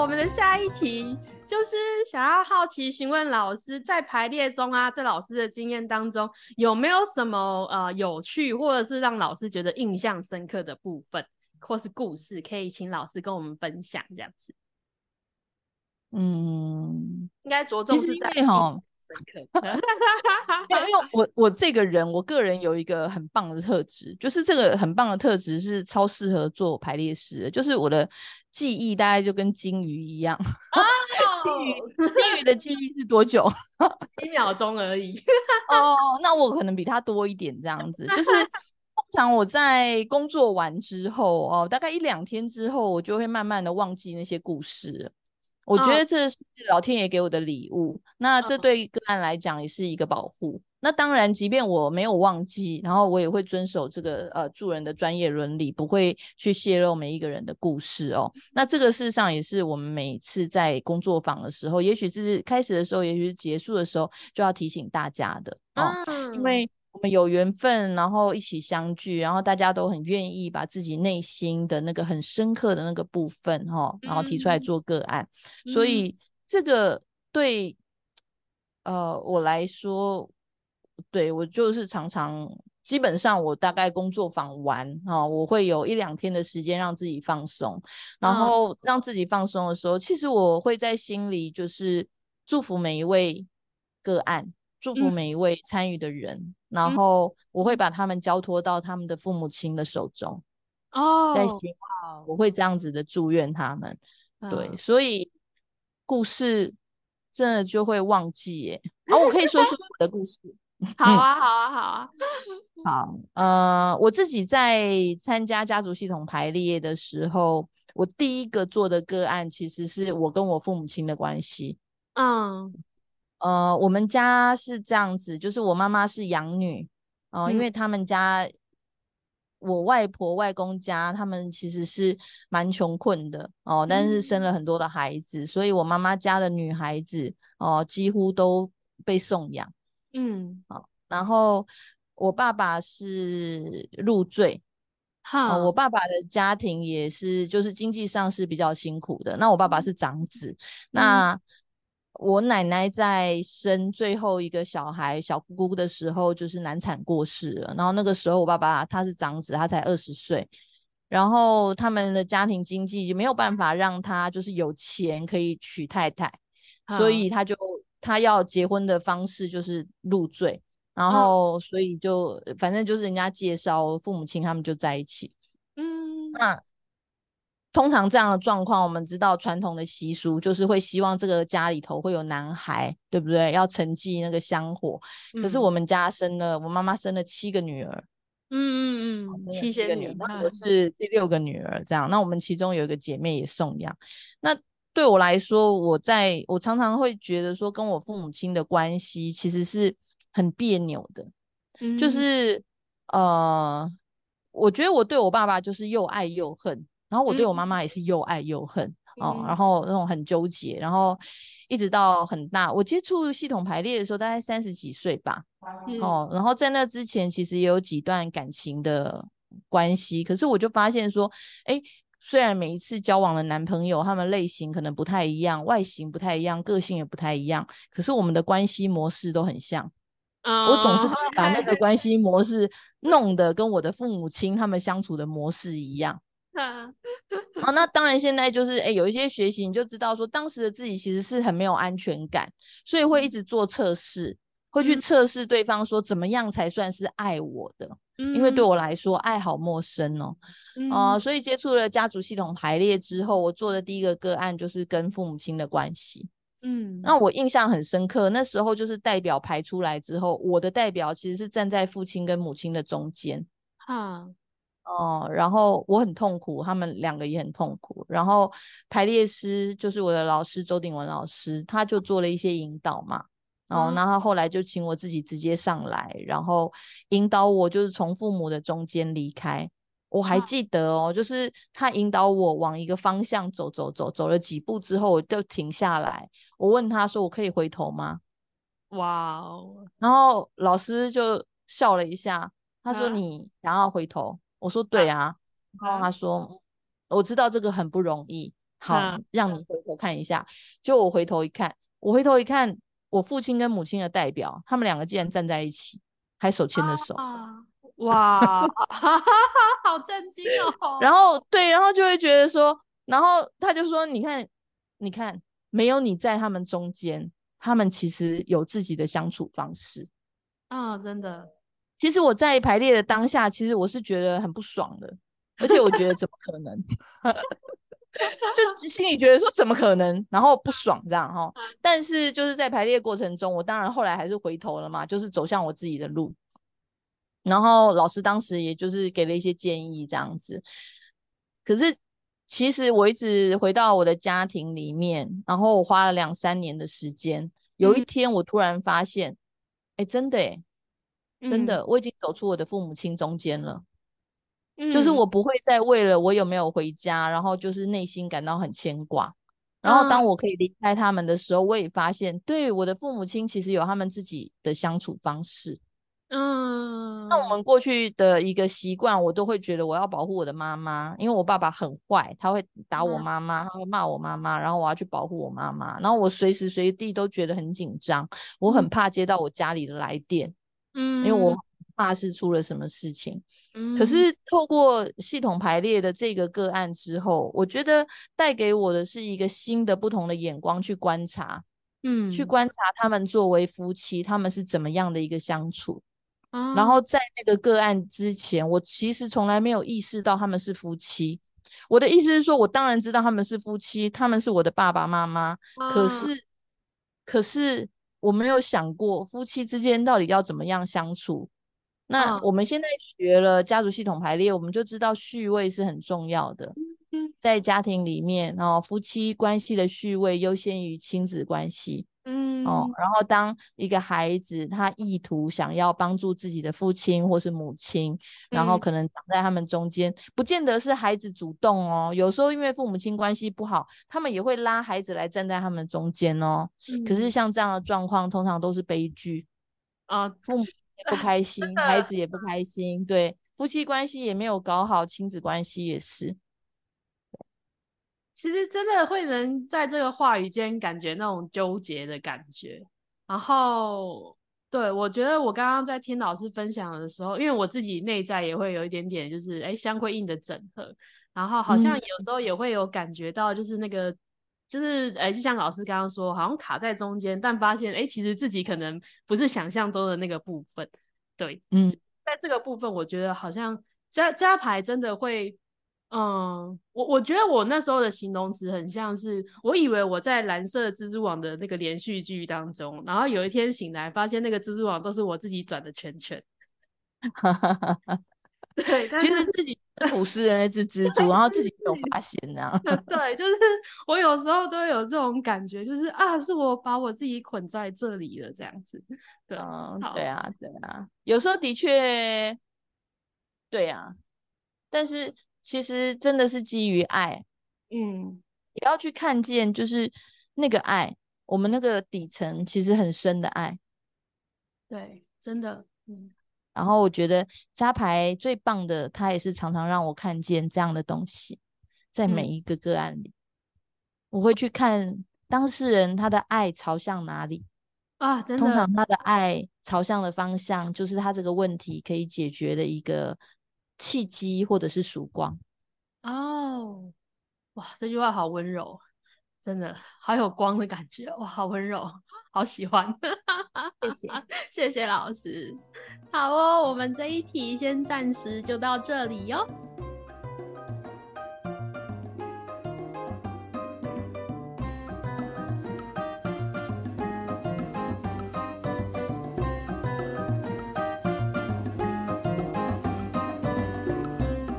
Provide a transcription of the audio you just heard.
我們的下一題就是想要好奇詢問老師，在排列中啊，在老師的經驗當中，有沒有什麼呃有趣，或者是讓老師覺得印象深刻的部分，或是故事，可以請老師跟我們分享這樣子。嗯，應該着重是在可能，因為， 我我這個人，我個人有一個很棒的特質，就是這個很棒的特質是超適合做排列師的，就是我的記憶大概就跟金魚一樣。啊、 oh!，金魚，金魚的記憶是多久？一 秒鐘而已。哦 ，oh, 那我可能比他多一點，這樣子，就是通常我在工作完之後，哦，大概一兩天之後，我就會慢慢的忘記那些故事。我覺得這是老天爺給我的禮物，哦、那這對個案來講也是一個保護。哦、那當然，即便我沒有忘記，然後我也會遵守這個呃助人的專業倫理，不會去洩露每一個人的故事哦。嗯、那這個事實上也是我們每次在工作坊的時候，也許這是開始的時候，也許是結束的時候，就要提醒大家的哦，嗯、因為。我們有緣分，然後一起相聚，然後大家都很願意把自己內心的那個很深刻的那個部分，哈、哦，然後提出來做個案。嗯、所以這個對，呃，我來說，對，我就是常常，基本上我大概工作坊完啊、哦，我會有一兩天的時間讓自己放鬆，然後讓自己放鬆的時候，嗯、其實我會在心裡就是祝福每一位個案，嗯、祝福每一位參與的人。然後我會把他們交托到他們的父母親的手中哦，在希望我會這樣子的祝願他們，嗯、對，所以故事真的就會忘記耶。哦、我可以說說我的故事。 好啊，好啊，好啊，好啊 好。呃，我自己在參加家族系統排列的時候，我第一個做的個案，其實是我跟我父母親的關係。嗯。呃，我們家是這樣子，就是我媽媽是養女哦，呃嗯、因為他們家我外婆外公家，他們其實是蠻窮困的哦、呃，但是生了很多的孩子，嗯、所以我媽媽家的女孩子哦、呃，幾乎都被送養。嗯，好、呃，然後我爸爸是入贅好、呃，我爸爸的家庭也是，就是經濟上是比較辛苦的。那我爸爸是長子，嗯、那。我奶奶在生最後一個小孩小姑姑的時候，就是難產過世了。然後那個時候，我爸爸他是長子，他才二十歲，然後他們的家庭經濟就沒有辦法讓他就是有錢可以娶太太，嗯、所以他就他要結婚的方式就是入贅，然後所以就反正就是人家介紹父母親他們就在一起，嗯、啊通常這樣的狀況，我們知道傳統的習俗就是會希望這個家裡頭會有男孩，對不對？要承繼那個香火。嗯、可是我們家生了，我媽媽生了七個女兒，嗯嗯嗯，七個女兒，七仙女，我是第六個女兒。這樣，那、嗯、我們其中有一個姐妹也送養。那對我來說，我在我常常會覺得說，跟我父母親的關係其實是很別扭的，嗯、就是呃，我覺得我對我爸爸就是又愛又恨。然後我對我媽媽也是又愛又恨、嗯、哦，然後那種很糾結，然後一直到很大，我接觸系統排列的時候大概三十幾歲吧，嗯、哦，然後在那之前其實也有幾段感情的關係，可是我就發現說，哎，雖然每一次交往的男朋友他們類型可能不太一樣，外形不太一樣，個性也不太一樣，可是我們的關係模式都很像，Oh, okay. 我總是把那個關係模式弄得跟我的父母親他們相處的模式一樣。 啊，那當然，現在就是哎、欸，有一些學習你就知道說，當時的自己其實是很沒有安全感，所以會一直做測試，會去測試對方說怎麼樣才算是愛我的，嗯、因為對我來說愛好陌生哦、喔嗯啊，所以接觸了家族系統排列之後，我做的第一個個案就是跟父母親的關係，嗯，那我印象很深刻，那時候就是代表排出來之後，我的代表其實是站在父親跟母親的中間，哈、啊。哦，然後我很痛苦，他們兩個也很痛苦。然後排列師就是我的老師周鼎文老師，他就做了一些引導嘛。哦，那他、嗯、後，後，後來就請我自己直接上來，然後引導我就是從父母的中間離開。我還記得哦，哇就是他引導我往一個方向走，走，走，走了幾步之後，我就停下來。我問他說：“我可以回頭嗎？”哇哦，然後老師就笑了一下，他說：“你想要回頭？”哇嗯我說對啊，啊然後他說，嗯、我知道這個很不容易，啊、好，讓你回頭看一下。啊、就我回頭一看，我回頭一看，我父親跟母親的代表，他們兩個竟然站在一起，還手牽着手，啊、哇， 好震驚哦！然後對，然後就會覺得說，然後他就說，你看，你看，沒有你在他們中間，他們其實有自己的相處方式啊，真的。其實我在排列的當下，其實我是覺得很不爽的，而且我覺得怎麼可能， 就心裡覺得說怎麼可能，然後不爽這樣哈、哦。但是就是在排列的過程中，我當然後來還是回頭了嘛，就是走向我自己的路。然後老師當時也就是給了一些建議這樣子，可是其實我一直回到我的家庭裡面，然後我花了兩三年的時間。有一天我突然發現，哎、嗯，真的哎。真的，嗯、我已經走出我的父母親中間了，嗯、就是我不會再為了我有沒有回家，然後就是內心感到很牽掛。然後當我可以離開他們的時候，嗯、我也發現，對我的父母親其實有他們自己的相處方式。嗯，那我們過去的一個習慣，我都會覺得我要保護我的媽媽，因為我爸爸很壞，他會打我媽媽，他會罵我媽媽，然後我要去保護我媽媽。然後我隨時隨地都覺得很緊張，我很怕接到我家裡的來電。嗯，因為我怕是出了什麼事情。嗯，可是透過系統排列的這個個案之後，我覺得帶給我的是一個新的、不同的眼光去觀察。嗯，去觀察他們作為夫妻，他們是怎麼樣的一個相處。嗯，然後在那個個案之前，我其實從來沒有意識到他們是夫妻。我的意思是說，我當然知道他們是夫妻，他們是我的爸爸媽媽。啊，可是，可是。我沒有想過夫妻之間到底要怎麼樣相處。那我們現在學了家族系統排列，我們就知道序位是很重要的。在家庭裡面，然後、哦、夫妻關係的序位優先於親子關係。哦，然後當一個孩子他意圖想要幫助自己的父親或是母親，然後可能擋在他們中間，嗯、不見得是孩子主動哦。有時候因為父母親關係不好，他們也會拉孩子來站在他們中間哦。嗯、可是像這樣的狀況，通常都是悲劇啊，父母也不開心， 孩子也不開心，對，夫妻關係也沒有搞好，親子關係也是。其實真的會能在這個話語間感覺那種糾結的感覺，然後，對，我覺得我剛剛在聽老師分享的時候，因為我自己內在也會有一點點就是哎、欸、相呼應的整合，然後好像有時候也會有感覺到就是那個、嗯、就是哎、欸、就像老師剛剛說，好像卡在中間，但發現哎、欸、其實自己可能不是想象中的那個部分，對，嗯，在這個部分我覺得好像加加牌真的會。嗯，我我覺得我那時候的形容詞很像是，我以為我在藍色蜘蛛網的那個連續劇當中，然後有一天醒來，發現那個蜘蛛網都是我自己轉的圈圈。哈哈哈！對，其實自己吐絲的那隻蜘蛛， 然後自己沒有發現那、啊、樣。 對，就是我有時候都有這種感覺，就是啊，是我把我自己捆在這裡了這樣子。對啊，嗯、好對啊，對啊，有時候的確，對呀、啊，但是。其實真的是基於愛，嗯，也要去看見，就是那個愛，我們那個底層其實很深的愛，對，真的，嗯。然後我覺得家排最棒的，他也是常常讓我看見這樣的東西，在每一個個案裡，嗯、我會去看當事人他的愛朝向哪裡啊，真的。通常他的愛朝向的方向，就是他這個問題可以解決的一個。契機或者是曙光，哦，oh, 哇，這句話好溫柔，真的好有光的感覺，哇，好溫柔，好喜歡， 謝謝， 謝謝老師，好哦，我們這一題先暫時就到這裡喲。